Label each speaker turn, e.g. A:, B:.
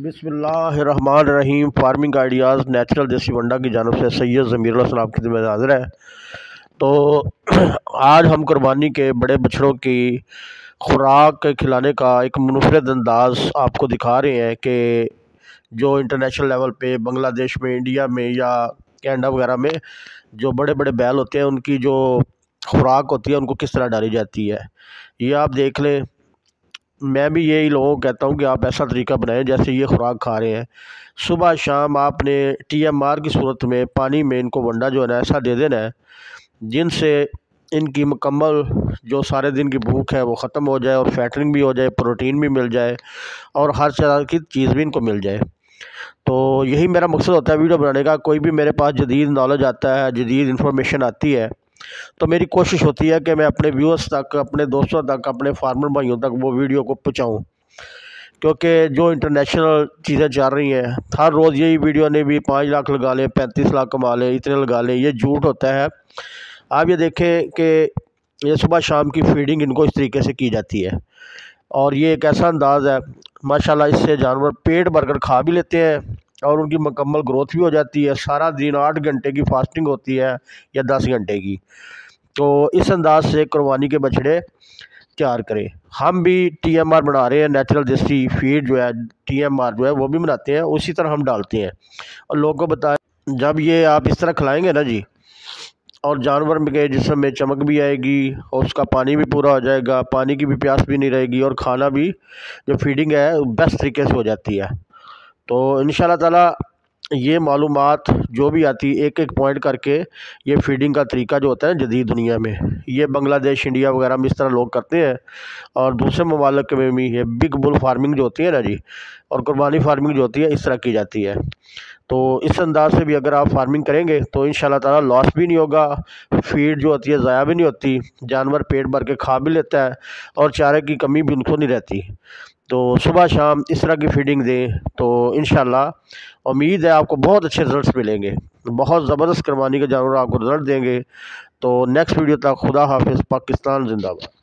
A: بسم اللہ الرحمن الرحیم فارمنگ آئیڈیاز نیچرل دیسی ونڈا کی جانب سے سید ضمیر کی ذمہ حاضر ہے تو آج ہم قربانی کے بڑے بچڑوں کی خوراک کھلانے کا ایک منفرد انداز آپ کو دکھا رہے ہیں کہ جو انٹرنیشنل لیول پہ بنگلہ دیش میں انڈیا میں یا کینیڈا وغیرہ میں جو بڑے بڑے بیل ہوتے ہیں ان کی جو خوراک ہوتی ہے ان کو کس طرح ڈالی جاتی ہے یہ آپ دیکھ لیں میں بھی یہی لوگوں کو کہتا ہوں کہ آپ ایسا طریقہ بنائیں جیسے یہ خوراک کھا رہے ہیں صبح شام آپ نے ٹی ایم آر کی صورت میں پانی میں ان کو ونڈا جو ہے نا ایسا دے دینا ہے جن سے ان کی مکمل جو سارے دن کی بھوک ہے وہ ختم ہو جائے اور فیٹنگ بھی ہو جائے پروٹین بھی مل جائے اور ہر طرح کی چیز بھی ان کو مل جائے تو یہی میرا مقصد ہوتا ہے ویڈیو بنانے کا کوئی بھی میرے پاس جدید نالج آتا ہے جدید انفارمیشن آتی ہے تو میری کوشش ہوتی ہے کہ میں اپنے ویورز تک اپنے دوستوں تک اپنے فارمر بھائیوں تک وہ ویڈیو کو پہنچاؤں کیونکہ جو انٹرنیشنل چیزیں چل رہی ہیں ہر روز یہی ویڈیو نے بھی پانچ لاکھ لگا لیں پینتیس لاکھ کما لیں اتنے لگا لیں یہ جھوٹ ہوتا ہے آپ یہ دیکھیں کہ یہ صبح شام کی فیڈنگ ان کو اس طریقے سے کی جاتی ہے اور یہ ایک ایسا انداز ہے ماشاءاللہ اس سے جانور پیٹ بھر کر کھا بھی لیتے ہیں اور ان کی مکمل گروتھ بھی ہو جاتی ہے سارا دن آٹھ گھنٹے کی فاسٹنگ ہوتی ہے یا دس گھنٹے کی تو اس انداز سے قربانی کے بچڑے تیار کریں ہم بھی ٹی ایم آر بنا رہے ہیں نیچرل دیسی فیڈ جو ہے ٹی ایم آر جو ہے وہ بھی بناتے ہیں اسی طرح ہم ڈالتے ہیں اور لوگوں کو بتائیں جب یہ آپ اس طرح کھلائیں گے نا جی اور جانور کے جسم میں چمک بھی آئے گی اور اس کا پانی بھی پورا ہو جائے گا پانی کی بھی پیاس بھی نہیں رہے گی اور کھانا بھی جو فیڈنگ ہے بیسٹ طریقے سے ہو جاتی ہے تو ان شاء اللہ تعالیٰ یہ معلومات جو بھی آتی ایک ایک پوائنٹ کر کے یہ فیڈنگ کا طریقہ جو ہوتا ہے جدید دنیا میں یہ بنگلہ دیش انڈیا وغیرہ میں اس طرح لوگ کرتے ہیں اور دوسرے ممالک میں بھی یہ بگ بل فارمنگ جو ہوتی ہے نا جی اور قربانی فارمنگ جو ہوتی ہے اس طرح کی جاتی ہے تو اس انداز سے بھی اگر آپ فارمنگ کریں گے تو ان شاء اللہ تعالیٰ لاس بھی نہیں ہوگا فیڈ جو ہوتی ہے ضائع بھی نہیں ہوتی جانور پیٹ بھر کے کھا بھی لیتا ہے اور چارے کی کمی بھی ان کو نہیں رہتی تو صبح شام اس طرح کی فیڈنگ دیں تو انشاءاللہ امید ہے آپ کو بہت اچھے رزلٹس ملیں گے بہت زبردست قربانی کے جانور آپ کو رزلٹ دیں گے تو نیکسٹ ویڈیو تک خدا حافظ پاکستان زندہ باد